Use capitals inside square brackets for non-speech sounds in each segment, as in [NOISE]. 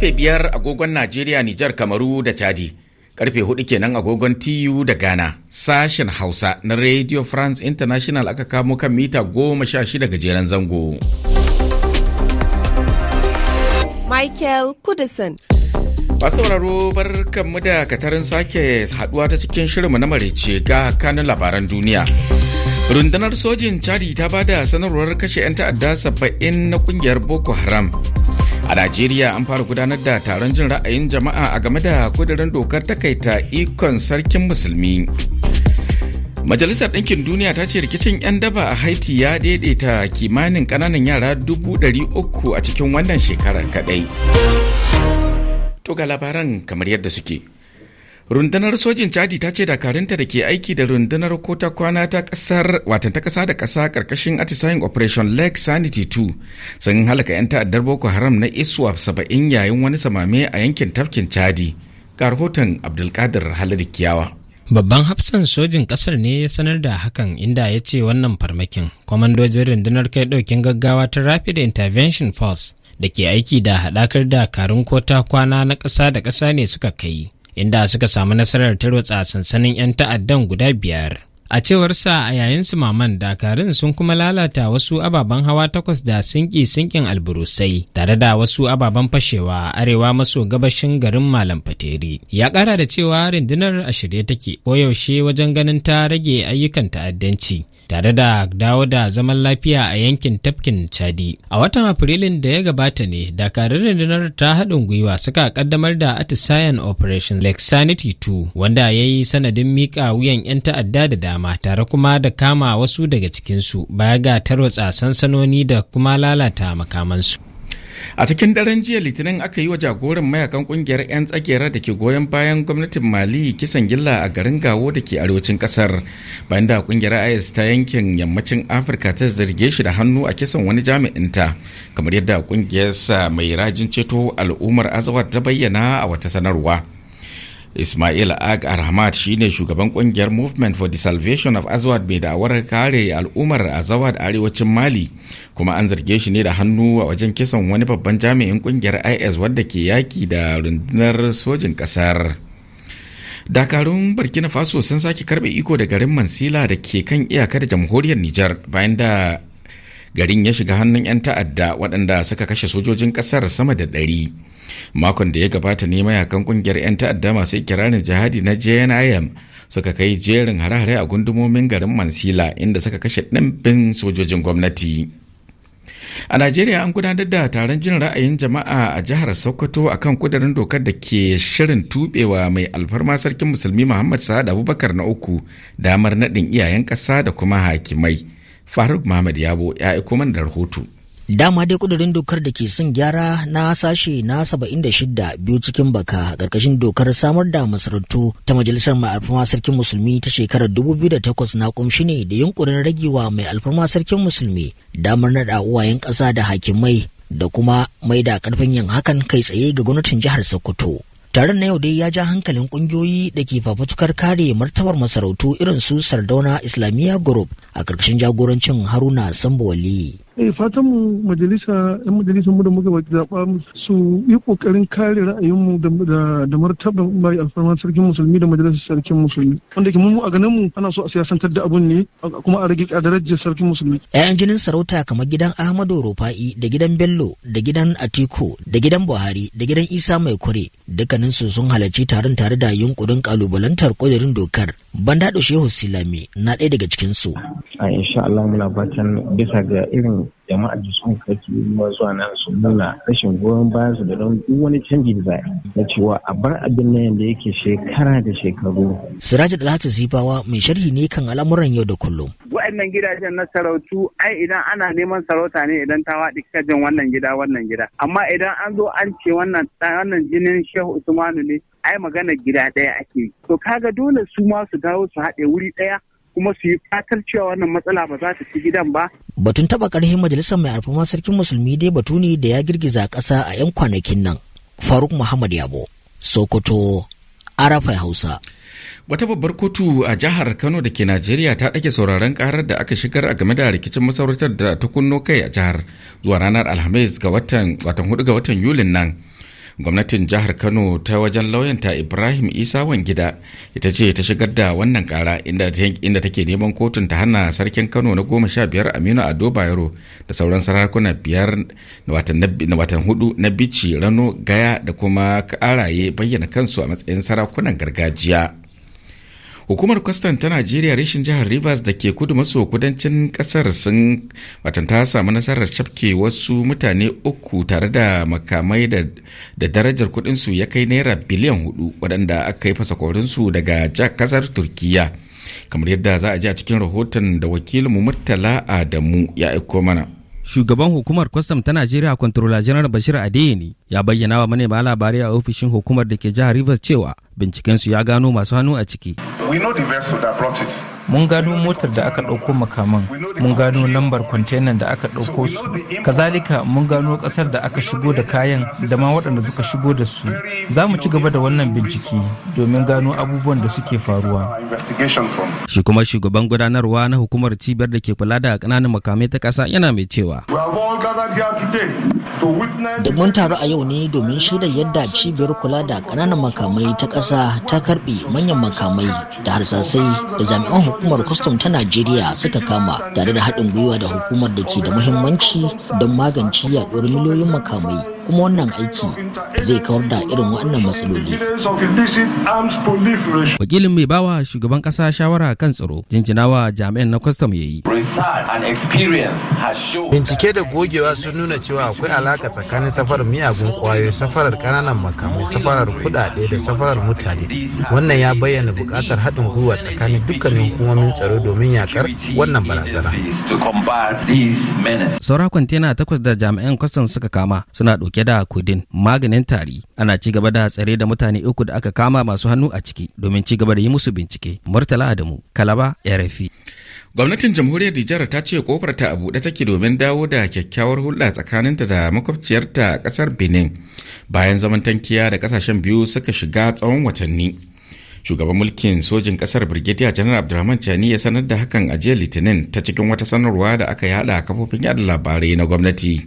Karfe biyar agogon Najeriya, Nijar, Kamaru da Chadi. Karfe hudu kenan agogon TU da Ghana. Sashen Hausa na Radio France International aka kamo kan mita goma sha shida gajeren zango. Michael Kudison. Masu bar barkanmu da katarin sake haduwa ta cikin shirinmu na marece ga kanin labaran duniya. Rundunar sojin Chadi ta bada sanarwar kashe 'yan ta'adda saba'in na kungiyar Boko Haram A Najeriya an fara gudanar da taron jin ra'ayin jama'a a game da kudirin dokar takaita ikon sarkin musulmi. Majalisar Ɗinkin Duniya ta ce rikicin 'yan daba a Haiti ya daidaita kimanin ƙananan yara dubu ɗari uku a cikin wannan shekarar kaɗai. To ga labaran kamar yadda suke. rundunar sojin chadi ta ce dakarunta da ke aiki da rundunar kota kwana ta kasar watan ta kasa da kasa karkashin atisayin operation lake sanity 2 sun halaka 'yan ta'addar boko haram na iswap saba'in yayin wani samame a yankin tafkin chadi ga rahoton abdulkadir halid kiyawa Babban hafsan sojin kasar ne ya sanar da hakan inda ya ce wannan farmakin. Kwamandojin rundunar kai ɗaukin gaggawa ta Rapid Intervention Force da ke aiki da haɗakar dakarun kota kwana na ƙasa da ƙasa ne suka kai. inda suka samu nasarar tarwatsa sansanin 'yan ta'addan guda biyar. A cewar sa a yayin su maman dakarun sun kuma lalata wasu ababen hawa takwas da sinki sinkin alburusai tare da wasu ababen fashewa a arewa maso gabashin garin Malam Fateri. Ya kara da cewa rindunar ashirye shirye take koyaushe wajen ganin ta rage ayyukan ta'addanci. tare da dawo da zaman lafiya a yankin tafkin chadi a watan afrilun da ya gabata ne dakarun rundunar ta haɗin gwiwa suka kaddamar da Atisayan operation lake sanity 2 wanda ya yi sanadin miƙa wuyan 'yan ta'adda da dama tare kuma da kama wasu daga cikinsu baya ga tarwatsa sansanoni da kuma lalata makamansu a cikin daren jiya litinin aka yi wa jagoran mayakan kungiyar 'yan tsagera da ke goyon bayan gwamnatin mali kisan gilla a garin gawo da ke arewacin kasar bayan da kungiyar is ta yankin yammacin afirka ta zarge shi da hannu a kisan wani jami'in ta kamar yadda kungiyarsa mai rajin ceto al'ummar azawar ta bayyana a wata sanarwa Ismail Ag Arhamad shine shugaban kungiyar Movement for the Salvation of Azawad mai da'awar kare al'ummar Azawad arewacin Mali kuma an zarge shi ne da hannu a wajen kisan wani babban jami'in kungiyar IS wadda ke yaki da rundunar sojin kasar. Dakarun Burkina Faso sun sake karbe iko da garin Mansila da ke kan iyaka da jamhuriyar Nijar bayan da garin ya shiga hannun 'yan ta'adda waɗanda suka kashe sojojin ƙasar sama da ɗari. makon da ya gabata ne mayakan kungiyar 'yan ta'adda masu ikirarin jihadi na jnim suka kai jerin hare-hare a gundumomin garin mansila inda suka kashe ɗimbin sojojin gwamnati a najeriya an gudanar da taron jin ra'ayin jama'a a jihar sokoto akan kudirin dokar da ke shirin tubewa mai alfarma sarkin musulmi muhammad sa'ad abubakar na uku damar naɗin iyayen ƙasa da kuma hakimai faruk muhammad yabo ya aiko man da rahoto Dama dai kudurin dokar da ke son gyara na sashe na 76 biyu cikin baka ƙarƙashin dokar samar da masarautu ta majalisar mai alfarma sarkin musulmi ta shekarar 2008 na kumshi ne da yunkurin ragewa mai alfama sarkin musulmi damar naɗa uwayen ƙasa da hakimai da kuma mai da ƙarfin yin hakan kai tsaye ga gwamnatin jihar Sokoto. Taron na yau dai ya ja hankalin kungiyoyi da ke fafutukar kare martabar masarautu irin su Sardauna Islamiyya Group a ƙarƙashin jagorancin Haruna sambo eh fatan mu majalisa yan majalisar mu da muka zaɓa su yi ƙoƙarin kare ra'ayinmu da martaban mai alfarman sarkin musulmi da majalisar sarkin musulmi wanda ke mu a ganin mu ana so a siyasantar da abun ne kuma a rage darajar sarkin musulmi ƴaƴan jinin sarauta kamar gidan Ahmadu Rufa'i da gidan Bello da gidan Atiku da gidan Buhari da gidan Isa Mai Kure su sun halarci taron tare da yunkurin ƙalubalantar kudirin dokar Ban daɗo Shehu Silami na ɗaya daga cikin su A insha Allah muna fatan bisa ga irin jama'a da sun kake ma zuwa nan su nuna rashin goyon bayan su da don wani canji da zai na cewa a bar abin nan yadda yake shekara da shekaru. Siraji lati Zibawa mai sharhi ne kan al'amuran yau da kullum. Wa'annan gidajen na sarautu ai idan ana neman sarauta ne idan ta waɗi kajin wannan gida wannan gida amma idan an zo an ce wannan wannan jinin Shehu Usmanu ne ai magana gida ɗaya ake to kaga dole su ma su dawo su haɗe wuri ɗaya kuma su yi fatar cewa wannan matsala ba za ta ci gidan ba. Batun taɓa ƙarfin majalisar mai alfama sarkin musulmi dai batu ne da ya girgiza ƙasa a 'yan kwanakin nan. Faruk Muhammad Yabo, Sokoto, Arafai Hausa. Wata babbar kotu a jihar Kano da ke Najeriya ta ɗage sauraron karar da aka shigar a game da rikicin masarautar da ta kunno kai a jihar zuwa ranar Alhamis ga watan watan hudu ga watan Yulin nan. gwamnatin jihar kano ta wajen lauyanta ibrahim isa wangida ita ce ta shigar da wannan kara inda take neman kotun ta hana sarkin kano na goma sha biyar aminu ado bayero da sauran sarakuna biyar na watan hudu na bici rano gaya da kuma karaye bayyana kansu a matsayin sarakunan gargajiya hukumar kwastan ta najeriya rashin jihar rivers da ke kudu maso kudancin kasar sun batanta samu nasarar shafke wasu mutane uku tare da makamai da darajar kudinsu ya kai naira biliyan hudu waɗanda aka yi su daga kasar turkiya kamar yadda za a ji a cikin rahoton da wakilinmu murtala adamu ya aiko mana shugaban hukumar kwastam ta najeriya kwantarola janar bashir adeyini ya bayyana wa manema labarai a ofishin hukumar da ke jihar rivers cewa bincikensu ya gano masu hannu a ciki. We know the vessel that brought it. mun gano motar da aka ɗauko makaman mun gano lambar kwantenan da aka ɗauko su kazalika mun gano ƙasar da aka shigo da kayan da ma waɗanda suka shigo da su za mu ci gaba da wannan bincike domin gano abubuwan da suke faruwa shi kuma shugaban gudanarwa na hukumar cibiyar da ke kula da ƙananan makamai ta ƙasa yana mai cewa duk mun taru a yau ne domin shaida yadda cibiyar kula da ƙananan makamai ta ƙasa ta karɓi manyan makamai da harsasai da jami'an hukumar kustom ta najeriya suka kama tare da haɗin gwiwa da hukumar da ke da muhimmanci don magance yaɗuwar miliyoyin makamai kuma wannan aiki zai kawar da irin wannan matsaloli. Wakilin mai bawa shugaban kasa shawara kan tsaro jinjinawa jami'an na kwastam ya yi. Bincike da gogewa sun nuna cewa akwai alaka tsakanin safarar miyagun kwayoyi, safarar kananan makamai, safarar kudade da safarar mutane. Wannan ya bayyana buƙatar haɗin gwiwa tsakanin dukkanin hukumomin tsaro domin yakar wannan barazana. Saura kwantena takwas da jami'an kwastam suka kama suna ɗauke dauke da kudin maganin tari ana ci gaba da tsare da mutane uku da aka kama masu hannu a ciki domin ci gaba da yi musu bincike murtala adamu kalaba rfi gwamnatin jamhuriyar nijar ta ce kofar ta a buɗe take domin dawo da kyakkyawar hulɗa tsakaninta da makwabciyarta ƙasar benin bayan zaman tankiya da ƙasashen biyu suka shiga tsawon watanni shugaban mulkin sojin ƙasar birgidiya janar abdulrahman chani ya sanar da hakan a jiya litinin ta cikin wata sanarwa da aka yada kafofin yada labarai na gwamnati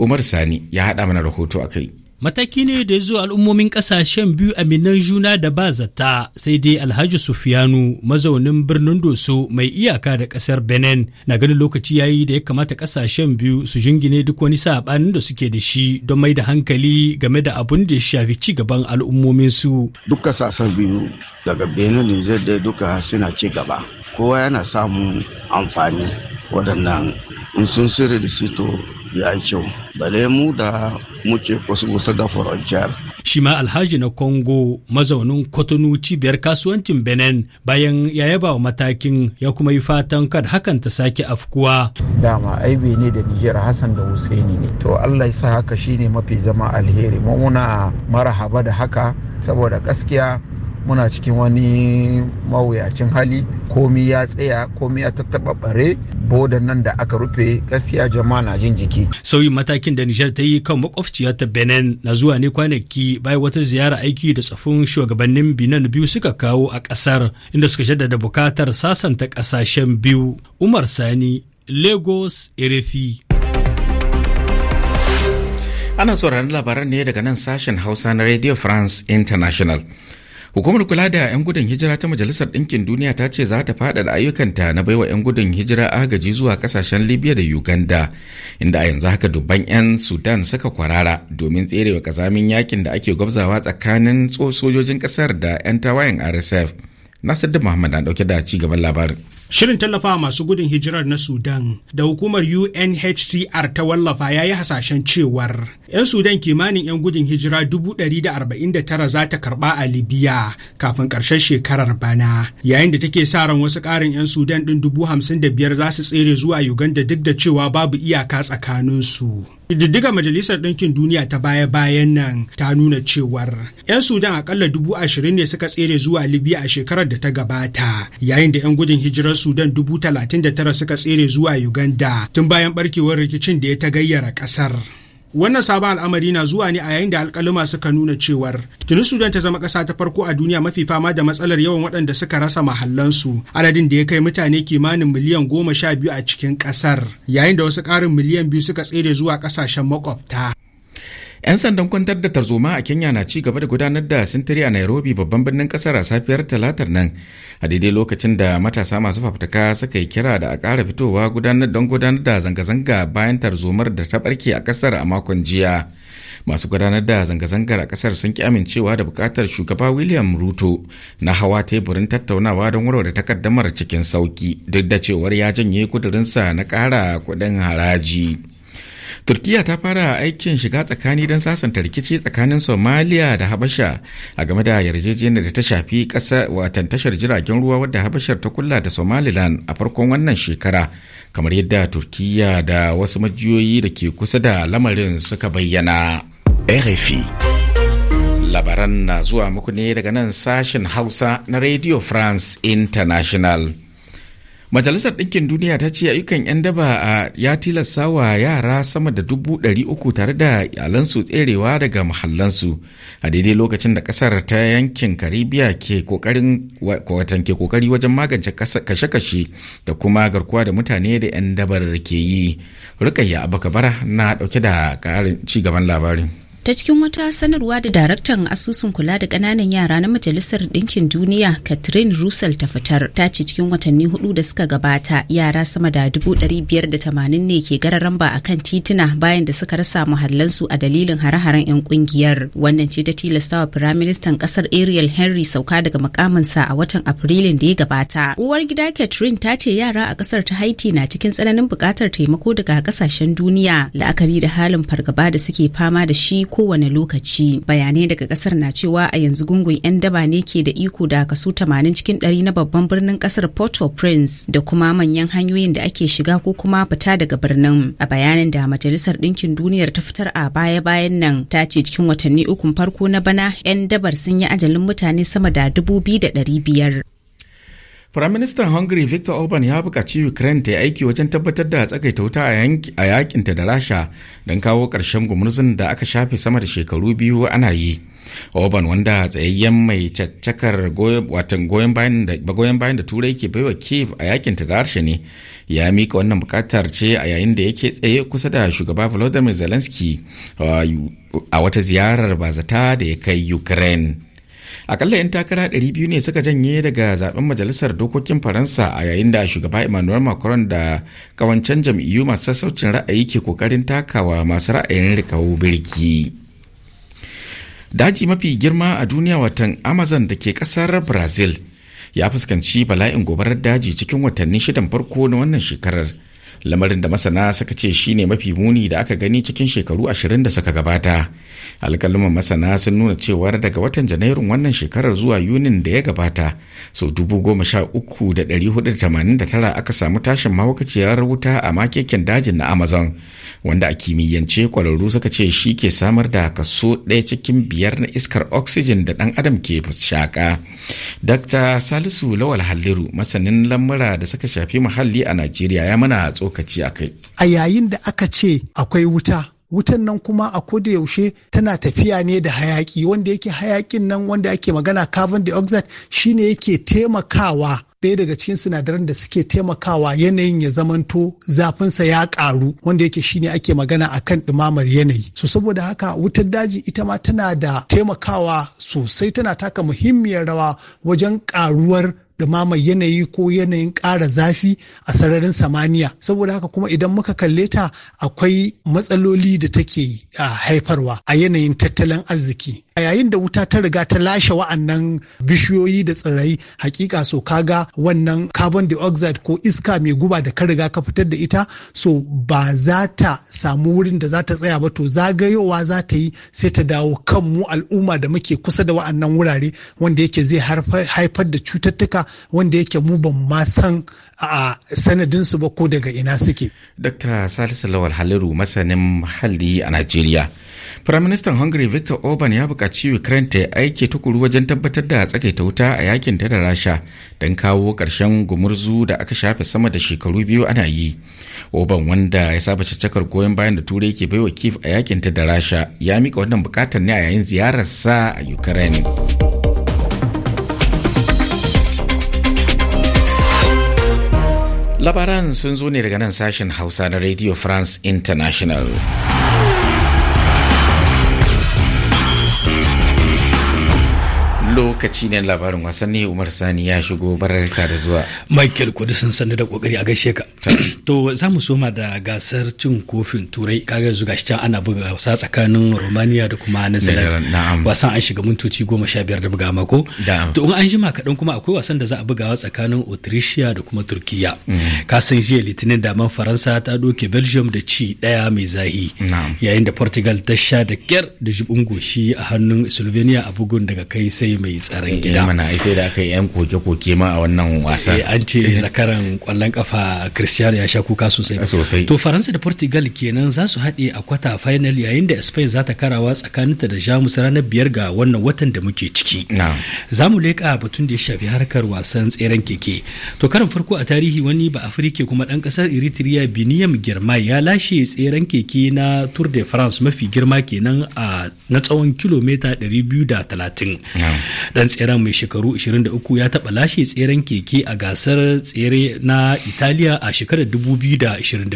Umar Sani ya haɗa mana rahoto a kai. Mataki ne da ya zo al'ummomin ƙasashen biyu aminan juna da ba zata sai dai Alhaji Sufiyanu mazaunin birnin Doso mai iyaka da ƙasar Benin na ganin lokaci yayi da ya kamata ƙasashen biyu su jingine duk wani saɓanin da suke da shi don mai da hankali game da abun da ya shafi ci gaban al'ummomin su. Duk ƙasashen biyu daga Benin Nijar da duka suna ci gaba. Kowa yana samun amfani waɗannan in sun sirri da sito ya yi kyau bale mu da muke kusa kusa da furanciyar. shi ma alhaji na congo mazaunin kotonu cibiyar kasuwancin benin bayan ya yaba matakin ya kuma yi fatan kad hakan ta sake afkuwa dama aibe ne da nijar hassan da husaini ne to allah ya sa haka shine mafi zama alheri mu muna haba da haka saboda gaskiya muna cikin wani mawuyacin hali komi ya tsaya komi ya tattaba bare bodan nan da aka rufe gaskiya jama'a na jin jiki sauyin matakin da nijar ta yi kan makwabciyar ta benin na zuwa ne kwanaki bayan wata ziyara aiki da tsafin shugabannin benin biyu suka kawo a kasar inda suka jaddada bukatar sasanta kasashen biyu umar sani lagos erefi ana sauraron labaran ne daga nan sashen hausa na radio france international Hukumar kula da 'yan gudun hijira ta Majalisar Ɗinkin Duniya ta ce za ta faɗaɗa ayyukanta na baiwa 'yan gudun hijira agaji zuwa ƙasashen Libya da Uganda, inda a yanzu haka dubban 'yan Sudan suka kwarara domin tserewa ƙazamin yakin da ake gwabzawa tsakanin sojojin ƙasar da 'yan tawayen RSF. Nasir Muhammad na dauke da ci gaban labarin. Shirin tallafawa masu gudun hijirar na Sudan da hukumar UNHCR ta wallafa ya yi hasashen cewar 'yan Sudan kimanin 'yan gudun hijira dubu ɗari da arba'in 149 za ta karɓa a Libya kafin ƙarshen shekarar bana yayin da take sa ran wasu ƙarin 'yan Sudan ɗin hamsin da biyar za su tsere zuwa Uganda duk da cewa babu iyaka tsakaninsu. Diddiga Majalisar Ɗinkin Duniya ta baya-bayan nan ta nuna cewar 'yan Sudan akalla dubu ashirin ne suka tsere zuwa Libya a shekarar da ta gabata, yayin da 'yan gudun hijirar Sudan dubu talatin da tara suka tsere zuwa Uganda tun bayan barkewar rikicin da ya ta gayyara ƙasar. Wannan sabon al'amari na zuwa ne a yayin da alkaluma suka nuna cewar tuni Sudan ta zama ƙasa ta farko a duniya mafi fama da matsalar yawan waɗanda suka rasa mahallansu adadin da ya kai mutane kimanin miliyan goma sha biyu a cikin ƙasar yayin da wasu ƙarin miliyan biyu suka tsere zuwa ƙasashen makwabta. 'Yan sandan kwantar da tarzoma a Kenya na ci gaba da gudanar da sintiri a Nairobi babban birnin kasar a safiyar talatar nan a daidai lokacin da matasa masu fafutuka suka yi kira da a ƙara fitowa gudanar don gudanar da zanga-zanga bayan tarzomar da ta barke a kasar a makon jiya. Masu gudanar da zanga-zangar a kasar sun ki amincewa da bukatar shugaba William Ruto na hawa teburin tattaunawa don warware takaddamar cikin sauki duk da cewar ya janye kudurinsa na ƙara kuɗin haraji. turkiya ta fara aikin shiga tsakani don sasanta rikici tsakanin somaliya da habasha a game da yarjejeniyar da ta shafi kasa watan tashar jiragen ruwa wadda habashar ta kulla da somaliland a farkon wannan shekara kamar yadda turkiya da wasu majiyoyi da ke kusa da lamarin suka bayyana rfi labaran na zuwa muku ne daga nan sashen hausa na radio france international Majalisar Ɗinkin Duniya ta ce ayyukan 'yan daba a ya tilasta wa yara sama da dubu ɗari uku tare da yalansu tserewa daga mahallansu a daidai lokacin da ƙasar ta yankin Karibiya ke ƙoƙarin watan ke ƙoƙari wajen magance kashe-kashe da kuma garkuwa da mutane da 'yan dabar ke yi. Rukayya Abakabara na ɗauke da ƙarin ci gaban labarin. ta cikin wata sanarwa da daraktan asusun kula da ƙananan yara na majalisar ɗinkin duniya catherine russell ta fitar ta ce cikin watanni hudu da suka gabata yara sama da dubu ɗari biyar da tamanin ne ke gararan ba kan tituna bayan da suka rasa muhallansu a dalilin hare-haren 'yan kungiyar wannan ce ta tilastawa firaministan ƙasar ariel henry sauka daga mukaminsa a watan afrilun da ya gabata uwar gida catherine ta ce yara a ƙasar ta haiti na cikin tsananin buƙatar taimako daga ƙasashen duniya la'akari da halin fargaba da suke fama da shi kowane lokaci bayanai daga kasar na cewa a yanzu gungun 'yan daba ne ke da iko da kaso 80 cikin 100 na babban birnin kasar port-au-prince da kuma manyan hanyoyin da ake shiga ko kuma fita daga birnin a bayanin da majalisar ɗinkin duniyar ta fitar a baya-bayan nan ta ce cikin watanni ukun farko na bana 'yan dabar sun yi ajalin mutane sama da 2,500 Firaministan Hungary Viktor Orban ya buƙaci Ukraine ta yi aiki wajen tabbatar da tsagaita wuta a yakinta da Rasha don kawo ƙarshen gumurzun da aka shafe sama da shekaru biyu ana yi. Orban wanda tsayayyen mai caccakar watan goyon bayan da turai ke baiwa Kiev a yakinta da Rasha ne ya mika wannan buƙatar ce a yayin da yake tsaye kusa da shugaba Volodymyr Zelensky a wata ziyarar bazata da ya kai Ukraine. akalla 'yan takara 200 ne suka janye daga zaben majalisar dokokin faransa a yayin da shugaba emmanuel macron da kawancan jam'iyyu masu sassaucin ra'ayi ke kokarin takawa masu ra'ayin rikawo birki daji mafi girma a duniya watan amazon da ke kasar brazil ya fuskanci bala'in gobarar daji cikin watanni shidan farko na wannan shekarar lamarin da masana suka ce shine mafi muni da aka gani cikin shekaru ashirin da suka gabata alƙaluman masana sun nuna cewar daga watan janairun wannan shekarar zuwa yunin da ya gabata sau dubu goma sha uku da ɗari hudu tamanin da tara aka samu tashin mahaukaciyar wuta a makeken dajin na amazon wanda a kimiyyance kwararru suka ce shi ke samar da kaso ɗaya cikin biyar na iskar oxygen da ɗan adam ke shaka dr salisu lawal halliru masanin lamura da suka shafi muhalli a najeriya ya mana tsokaci a kai a yayin da aka ce akwai wuta wutan nan kuma a koda yaushe tana tafiya ne da hayaki wanda yake hayakin nan wanda ake magana carbon dioxide shine yake taimakawa ɗaya daga cikin sinadaran da suke taimakawa yanayin ya zamanto zafinsa ya ƙaru wanda yake shine ake magana a kan ɗumamar yanayi so saboda haka wutar daji ita ma tana da taimakawa sosai tana taka muhimmiyar rawa wajen ƙaruwar mai yanayi ko yanayin ƙara zafi a sararin samaniya saboda haka kuma idan muka kalle ta akwai matsaloli da take ah, haifarwa a yanayin tattalin arziki a yayin da wuta ta riga ta lashe wa'annan bishiyoyi da tsirrai hakika so kaga wannan carbon dioxide ko iska mai guba da ka riga ka fitar da ita so ba za ta samu wurin da za ta tsaya ba to zagayowa za ta yi sai ta dawo kan mu al'umma da muke kusa da wa'annan wurare wanda yake zai haifar da cututtuka wanda yake mu ban ma san a sanadinsu ba ko daga ina suke. Dr. Salisu Lawal Haliru masanin muhalli a Najeriya. minister Hungary Viktor Orban ya buƙaci Ukraine ta ya aiki tukuru wajen tabbatar da tsakaita wuta a yakin da Rasha don kawo ƙarshen gumurzu da aka shafe sama da shekaru biyu ana yi. Orban wanda ya saba caccakar goyon bayan da Turai ke baiwa Kiev a yakin ta da Rasha ya mika wannan buƙatar ne a yayin ziyararsa a Ukraine. labaran sun zo ne daga nan sashen hausa na radio france international lokaci ne labarin wasanni Umar Sani ya shigo barka da zuwa. Michael Kudu sun sani da kokari a gaishe ka. [CLEARS THROAT] To za mu soma da gasar cin kofin Turai kaga yanzu gashi can ana buga wasa tsakanin Romania da kuma Netherlands. Wasan an shiga mintoci goma sha biyar da buga mako. To in an jima kaɗan kuma akwai wasan da za a bugawa tsakanin Autricia da kuma Turkiya. Mm. Ka san jiya Litinin daman Faransa ta doke Belgium da ci ɗaya mai zahi. Yayin da Portugal ta sha da kyar da jibin goshi a hannun Slovenia a bugun daga kai sai mai tsaron eh, gida mana sai da aka yi yan koke-koke ma a wannan wasa eh, an ce zakaran [LAUGHS] kwallon kafa cristiano ya sha kuka ah, sosai to faransa da portugal kenan za su haɗe a kwata final yayin da spain za ta karawa tsakaninta da jamus ranar biyar ga wannan watan da muke ciki za mu leƙa batun da ya shafi harkar wasan tseren keke to karan farko a tarihi wani ba afirike kuma dan kasar eritrea biniyam girma ya lashe tseren keke na tour de france mafi girma kenan a na tsawon kilomita 230 dan tseren mai shekaru 23 ya taɓa lashe tseren keke a gasar tsere na italiya a shekarar 2022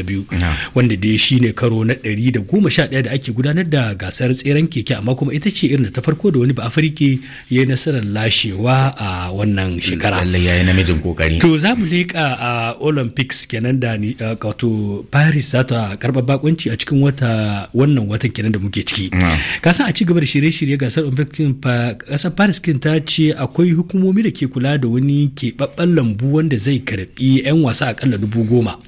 wanda dai shine karo na 111 da ake gudanar da gasar tseren keke amma kuma ita ce irin ta farko da wani ba afirki ya yi nasarar lashewa a wannan shekara ya yi namijin kokari to za mu leƙa a olympics kenan da wato paris za ta karɓa bakunci a cikin wata wannan watan kenan da muke ciki kasan a ci gaba da shirye-shirye gasar olympics kasar paris kin ta ce akwai hukumomi da ke kula da wani keɓaɓɓen lambu wanda zai karɓi 'yan wasa akalla dubu goma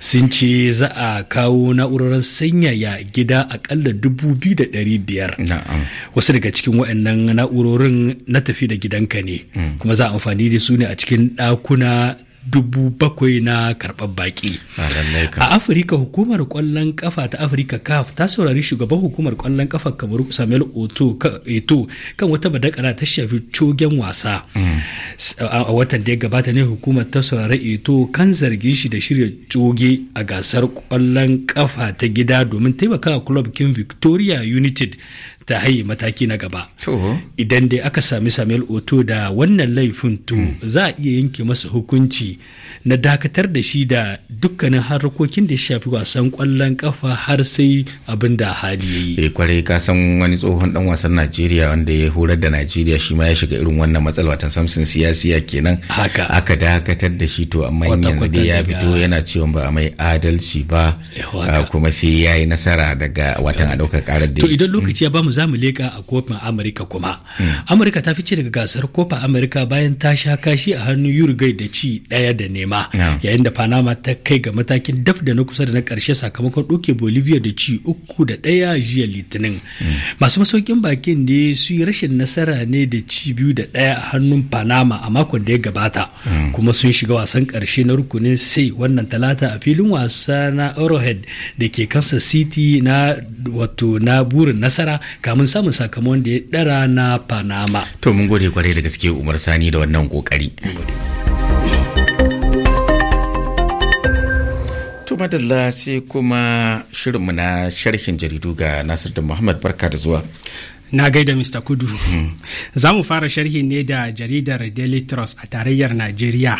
sun ce za a kawo na'urorin sanyaya gida akalla dubu biyu da ɗari biyar wasu daga cikin wa'annan na'urorin na tafi da gidanka ne mm. kuma za a amfani da su ne a cikin ɗakuna dubu bakwai na karɓar baƙi. Ah, a Afirka hukumar ƙwallon ƙafa ta Afirka CAF ta saurari shugaban hukumar ƙwallon ƙafa kamar Samuel Eto kan wata badakara ta shafi cogen wasa. Mm. A watan da ya gabata ne hukumar ta saurari Eto kan zargin shi da shirya coge a gasar ƙwallon ƙafa ta gida domin taimakawa club King Victoria United ta haye mataki na gaba idan dai aka sami samuel oto da wannan laifin to hmm. za a iya yanke masa hukunci na dakatar da shi da dukkanin harkokin da shafi wasan kwallon kafa har sai abin da hali ya yi eh, kwarai ka san wani tsohon dan wasan najeriya wanda ya horar da najeriya shi ma ya shiga irin wannan matsala watan samson siyasiya kenan haka aka dakatar da shi to amma yanzu dai ya fito yana cewa ba a mai adalci ba kuma sai ya yi nasara daga watan a ɗaukar karar da to idan lokaci ya bamu za mu leƙa a kofin amurka kuma hmm. amurka ta fice daga gasar kofa amurka bayan ta sha kashi a hannun yurgai da ci ɗaya da nema yayin da panama ta kai ga matakin daf da na kusa da na ƙarshe sakamakon ɗauke bolivia da ci uku da ɗaya jiya litinin hmm. masu masaukin bakin ne su yi rashin nasara ne da ci biyu da ɗaya a hannun panama a makon da ya gabata hmm. kuma sun shiga wasan ƙarshe na rukunin sai wannan talata a filin wasa na arrowhead da ke kansa city na wato na burin nasara kamun samun sakamon da ya dara na panama to mun gode kwarai da gaske umar sani da wannan kokari to madalla sai kuma shirinmu na sharhin jaridu ga nasir da muhammad barka da zuwa Na gaida Mr. Kudu. Hmm. Za mu fara sharhi ne da jaridar Daily Trust a tarayyar Najeriya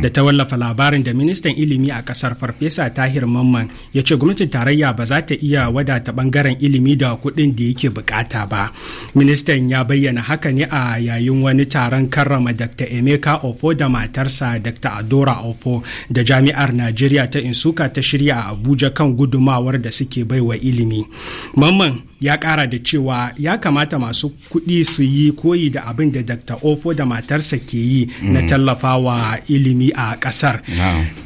da ta wallafa labarin da ministan ilimi a kasar Farfesa Tahir Mamman ya ce gwamnatin tarayya ba za ta iya wadata bangaren ilimi da kuɗin da yake bukata ba. Ministan ya bayyana haka ne a yayin wani taron karrama Dr. Emeka Ofo da matarsa Dr. Adora Ofo da Jami'ar Najeriya ta Insuka ta shirya a Abuja kan gudumawar da suke baiwa ilimi. Mamman ya kara da cewa ya kamata masu kuɗi su yi koyi da abin da dr ofo da matarsa ke yi na mm. tallafawa ilimi a ƙasar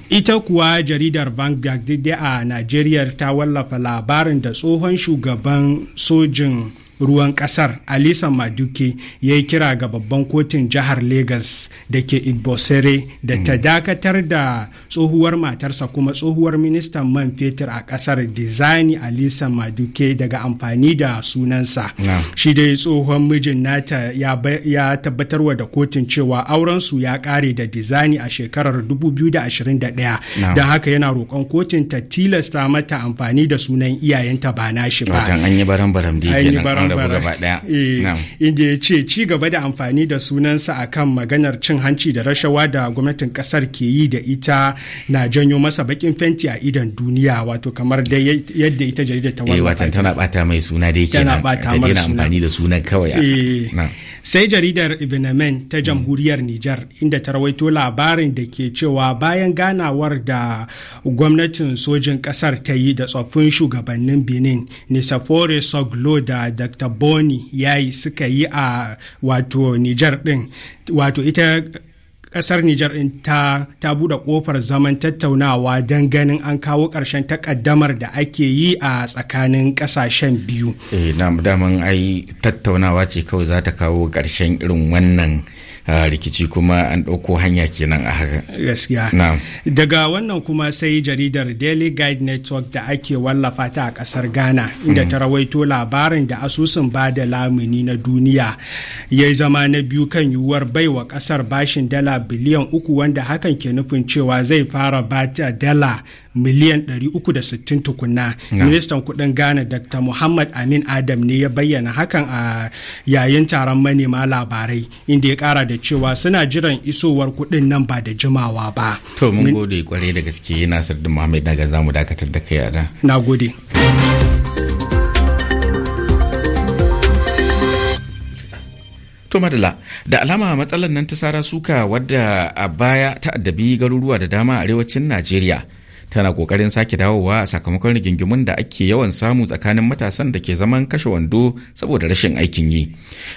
ita kuwa jaridar vanguard a najeriya ta wallafa labarin da tsohon shugaban sojin ruwan kasar alisa maduke ya yi kira ga babban kotun jihar Legas da ke igbosere da ta mm. dakatar da tsohuwar matarsa kuma tsohuwar ministan man fetur a kasar dizani alisa maduke daga amfani da sunansa shi dai tsohon mijin nata ya tabbatarwa da kotun cewa aurensu ya kare da dizani a shekarar 2021 da haka yana roƙon kotun ta tilasta mata amfani da sunan iyayenta ba nashi ba Eh, in da ya ce ci gaba da amfani da sunansa a kan maganar cin hanci da rashawa da gwamnatin kasar ke yi da ita na janyo masa bakin fenti a idan duniya wato kamar da yadda ita jarida ta wani eh, watan tana bata mai suna da yake dina amfani da sunan kawai eh, sai jaridar ibnamen ta mm. jamhuriyar Nijar inda ta rawaito labarin da ke cewa bayan ganawar da gwamnatin sojin kasar ta yi da tsoffin shugabannin Benin Nisafore Soglo da Dr. dr boni yi suka yi a wato niger din wato ita ƙasar Nijar ɗin ta, ta buɗe ƙofar zaman tattaunawa don ganin an kawo ƙarshen takaddamar da ake yi a tsakanin ƙasashen biyu. Eh, na daman ai tattaunawa ce kawai za ta kawo ƙarshen irin wannan rikici kuma an ɗauko hanya kenan a haka gaskiya daga wannan kuma sai jaridar daily guide network da ake wallafa ta a ƙasar ghana inda mm. ta rawaito labarin da asusun ba da lamuni na duniya ya zama na biyu kan yiwuwar baiwa ƙasar bashin dala biliyan uku wanda hakan ke nufin cewa zai fara bata dala miliyan 360 tukunna ministan kudin ghana dr muhammad amin adam ne ya bayyana hakan a yayin taron manema labarai inda ya kara da cewa suna jiran isowar kudin nan ba da jimawa ba to mun gode kwarai da gaske yana da muhammad daga zamu dakatar da kai a na gode madala da alama matsalar nan ta sara suka wadda a baya ta addabi garuruwa da dama a arewacin Najeriya tana kokarin sake dawowa a sakamakon rigingimun da ake yawan samu tsakanin matasan da ke zaman kashe wando saboda rashin aikin yi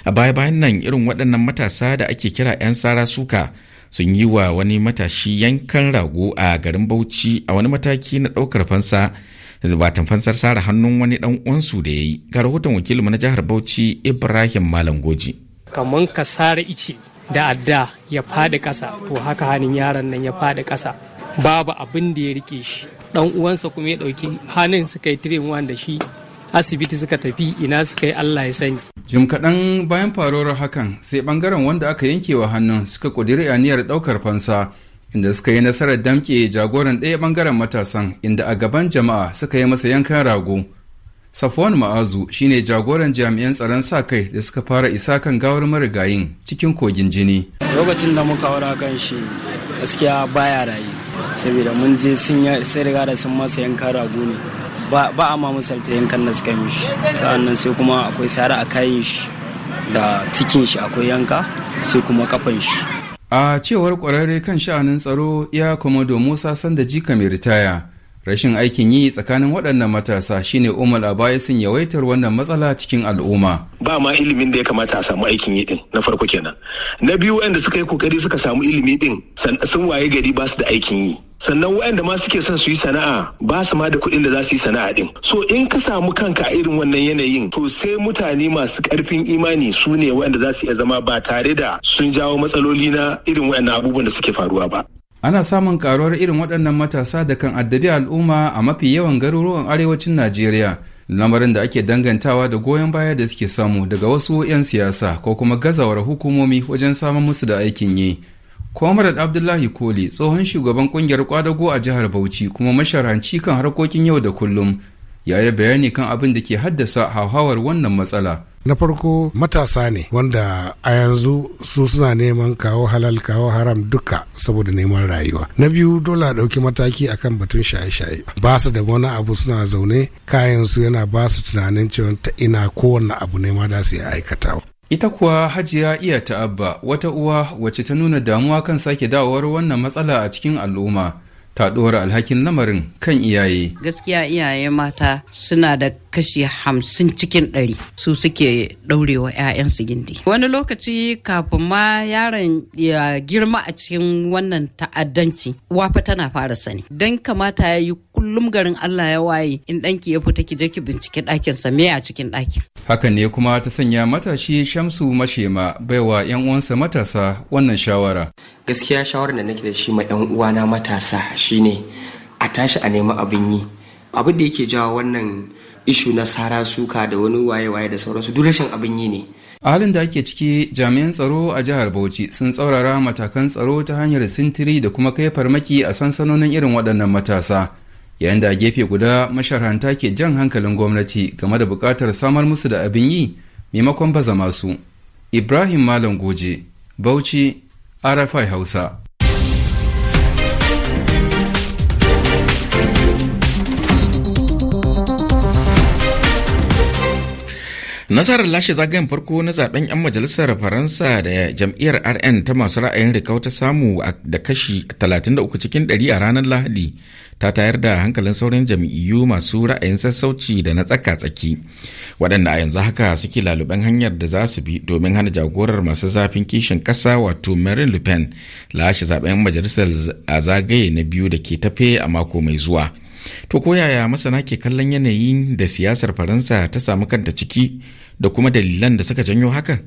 a baya bayan nan irin waɗannan matasa da ake kira 'yan sara suka sun yi wa wani matashi yankan rago a garin bauchi a wani mataki na ɗaukar fansa ba fansar sara hannun wani ɗan uwansu da ya yi ga rahoton wakilinmu na jihar bauchi ibrahim malam goji kamar ka sare ice da adda ya faɗi ƙasa to haka hannun yaron nan ya faɗi ƙasa babu abin da ya rike shi dan uwansa kuma ya dauki hannun suka yi tirin da shi asibiti suka tafi ina suka yi Allah ya sani. Jim kaɗan bayan faruwar hakan sai bangaren wanda aka yanke wa hannun suka ƙudiri aniyar ɗaukar fansa inda suka yi nasarar damke jagoran ɗaya bangaren matasan inda a gaban jama'a suka yi masa yankan rago. Safwan Ma'azu shine jagoran jami'an tsaron sa kai da suka fara isa kan gawar marigayin cikin kogin jini. Lokacin da muka wara kan shi gaskiya baya rayu. saboda mun je sun riga da sun masa yanka rago ne ba a ma misalta yankan da suka mishi sa'an nan sai kuma akwai sara a kayan shi da cikin shi akwai yanka sai kuma kafan shi a cewar kwararre kan sha'anin tsaro ya komodo musa sanda jika mai ritaya rashin aikin yi tsakanin waɗannan matasa shine umar sun yawaitar wannan matsala cikin al'umma ba ma ilimin da ya kamata a samu aikin yi din na farko kenan na biyu waɗanda suka yi kokari suka samu ilimi din sun waye gari ba su da aikin yi sannan waɗanda ma suke son su yi sana'a ba su ma da kuɗin da za su yi sana'a din so in ka samu kanka a irin wannan yanayin to sai mutane masu ƙarfin imani su ne waɗanda za su iya zama ba tare da sun jawo matsaloli na irin waɗannan abubuwan da suke faruwa ba ana samun karuwar irin waɗannan matasa da kan addabi al'umma a mafi yawan garuruwan arewacin najeriya lamarin da ake dangantawa da goyon baya da suke samu daga wasu 'yan siyasa ko kuma gazawar hukumomi wajen samun musu da aikin yi comrade abdullahi koli tsohon shugaban kungiyar kwadago a jihar bauchi kuma masharanci kan harkokin yau da kullum ya bayani kan abin da ke haddasa hauhawar wannan matsala. Na farko matasa ne wanda a yanzu su suna neman kawo halal kawo haram duka saboda neman rayuwa. Na biyu dole a ɗauki mataki akan batun shaye-shaye. Ba su da wani abu suna zaune kayan su yana ba su tunanin cewa ta ina kowane abu ne ma da su ya aikata Ita kuwa hajiya iya ta'abba wata uwa wacce ta nuna damuwa kan sake dawowar wannan matsala a cikin al'umma. faɗuwar alhakin lamarin kan iyaye. Gaskiya iyaye mata suna da kashi hamsin cikin ɗari su suke ɗaurewa 'ya'yansu gindi wani lokaci kafin ma yaron ya girma a cikin wannan ta'addanci wafa tana fara sani don kamata ya yi kullum garin allah ya waye in ɗanki ya fita ki je ki bincike ɗakin sa me a cikin ɗakin haka ne kuma ta sanya matashi shamsu mashema baiwa 'yan uwansa matasa wannan shawara gaskiya shawarar da nake da shi ma 'yan uwana matasa shine a tashi a nemi abin yi abin da yake jawo wannan ishu na sara suka da wani waye-waye da sauransu duk rashin abin yi ne a halin da ake ciki jami'an tsaro a jihar bauchi sun tsaurara matakan tsaro ta hanyar sintiri da kuma kai farmaki a sansanonin irin waɗannan matasa yayin da gefe guda masharanta ke jan hankalin gwamnati game da buƙatar samar musu da abin yi maimakon bazama su ibrahim malam goje bauchi arafai hausa nasarar lashe zagayen farko na zaben 'yan majalisar faransa da jam'iyyar rn ta masu ra'ayin rikau ta samu da kashi 33 cikin 100 a ranar lahadi ta tayar da hankalin sauran jam'iyyu masu ra'ayin sassauci da na tsaka-tsaki waɗanda a yanzu haka suke laluben hanyar da za su bi domin hana jagorar masu zafin kishin ƙasa wato marine le pen lashe zaben majalisar a zagaye na biyu da ke tafe a mako mai zuwa. To ko yaya masana ke kallon yanayin da siyasar Faransa ta samu kanta ciki da kuma dalilan da suka janyo haka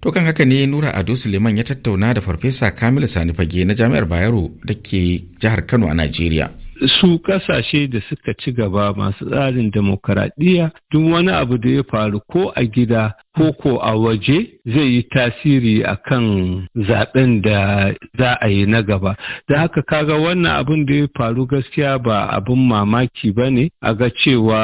To kan haka ne Nura Ado Suleiman ya tattauna da Farfesa Kamilu Sani Fage na Jami'ar Bayero da ke jihar Kano a Najeriya. Su kasashe da suka ci gaba masu tsarin demokaradiyya duk wani abu da ya faru ko a gida Koko a waje zai yi tasiri a kan zaben da za a yi na gaba da haka kaga wannan abin da ya faru gaskiya ba abin mamaki ba ne a ga cewa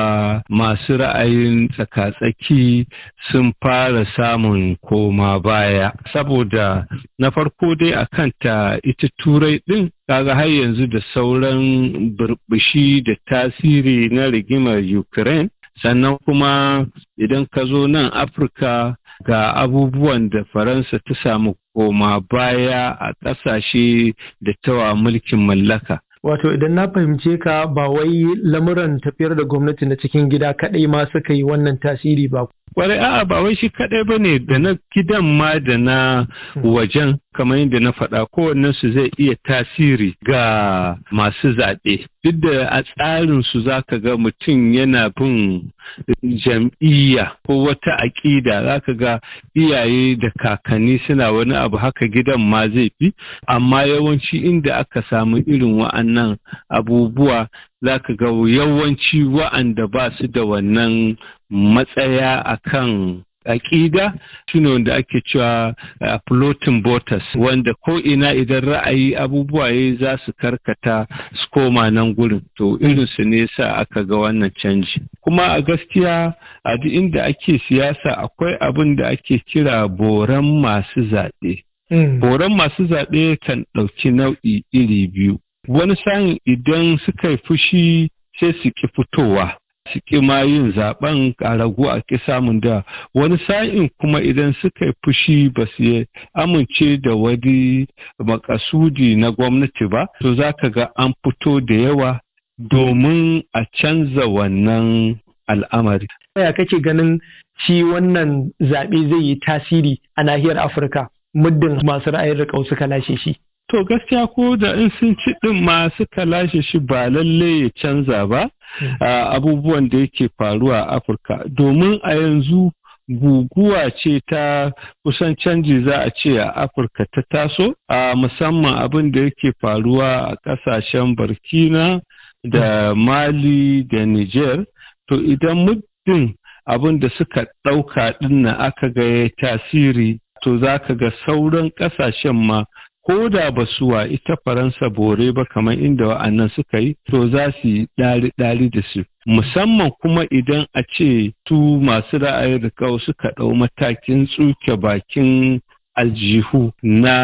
masu ra'ayin tsakatsaki sun fara samun koma baya saboda na farko dai a kanta ita turai din kaga har yanzu da sauran burbushi da tasiri na rigimar ukraine sannan kuma idan ka zo nan afirka ga abubuwan da faransa ta samu koma baya a ƙasashe da tawa mulkin mallaka Wato idan na fahimce ka ba wai lamuran tafiyar da gwamnati na cikin gida kaɗai ma suka yi wannan tasiri ba kwarai a'a ba wai shi kadai ba ne da na gidan ma da na wajen kamar yadda na faɗa kowannen su zai iya tasiri ga masu zaɓe duk da a tsarin su za ka ga mutum yana bin jam'iyya ko wata aƙida za ka ga iyaye da kakanni suna wani abu haka gidan ma zai fi amma yawanci inda aka samu irin wa'annan abubuwa za ka ga yawanci wa'anda ba su da wannan matsaya a akan aƙida shine wanda ake cewa a floating voters wanda ko ina idan ra'ayi abubuwa ya za su karkata su koma nan gurin to irinsu ne sa aka ga wannan canji kuma a gaskiya a duk inda ake siyasa akwai abin da ake kira boran masu zaɓe hmm. boran masu zaɓe kan ɗauki nau'i iri biyu wani sa'in idan suka fushi sai su ki fitowa suke ma yin zaben a a samun da wani sa'in kuma idan suka yi fushi ba su amince da wani makasudi na gwamnati ba to za ka ga an fito da yawa domin a canza wannan al'amari. Ya kake ganin shi wannan zaɓe zai yi tasiri a nahiyar Afirka muddin masu ra'ayin rikau suka lashe shi. to gaskiya ko da in sun ci din ma suka lashe shi ba lalle ya canza ba hmm. abubuwan da yake faruwa a afirka domin a yanzu guguwa ce ta kusan canji za a ce a afirka ta taso a musamman abin da yake faruwa a kasashen burkina da hmm. mali da niger to idan muddin abin da suka ɗauka ɗin aka ga tasiri to za ka ga sauran ƙasashen ma ko da ba suwa ita faransa bore ba kamar inda wa'annan suka yi to za su yi ɗari da su musamman kuma idan a ce tu masu ra'ayi da kawo suka ɗau matakin tsuke bakin aljihu na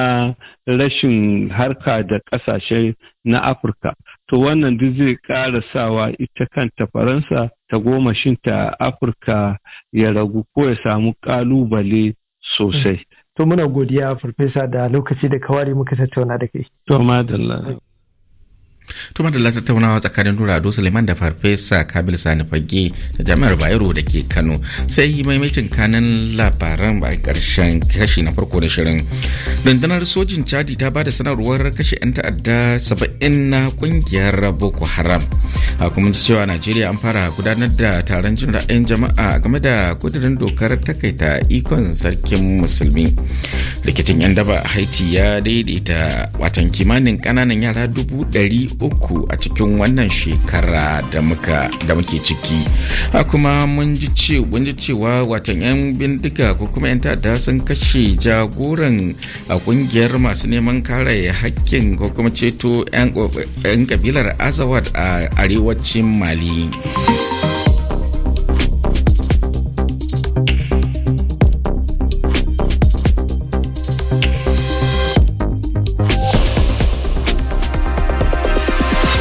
rashin harka da ƙasashe na afirka to wannan duk zai ƙara sawa ita kanta faransa ta goma gomashinta afirka ya ragu ko ya samu ƙalubale sosai to muna godiya farfesa da lokaci da kawari muka tattauna da kai to madalla tuma da tattaunawa tsakanin nura ado suleiman da farfesa kabil sani fage da jami'ar bayero da ke kano sai maimaitin kanan labaran a karshen kashi na farko da shirin rundunar sojin chadi ta ba da sanarwar kashe 'yan ta'adda saba'in na kungiyar boko haram a kuma cewa najeriya an fara gudanar da taron jin ra'ayin jama'a game da kudirin dokar takaita ikon sarkin musulmi rikicin yan daba haiti ya daidaita watan kimanin kananan yara dubu ɗari uku a cikin wannan shekara da muke ciki a kuma mun ji cewa watan 'yan bindiga ko kuma 'yan ta'adda sun kashe jagoran a kungiyar masu neman kare hakkin ko kuma ceto 'yan kabilar azawad a arewacin mali.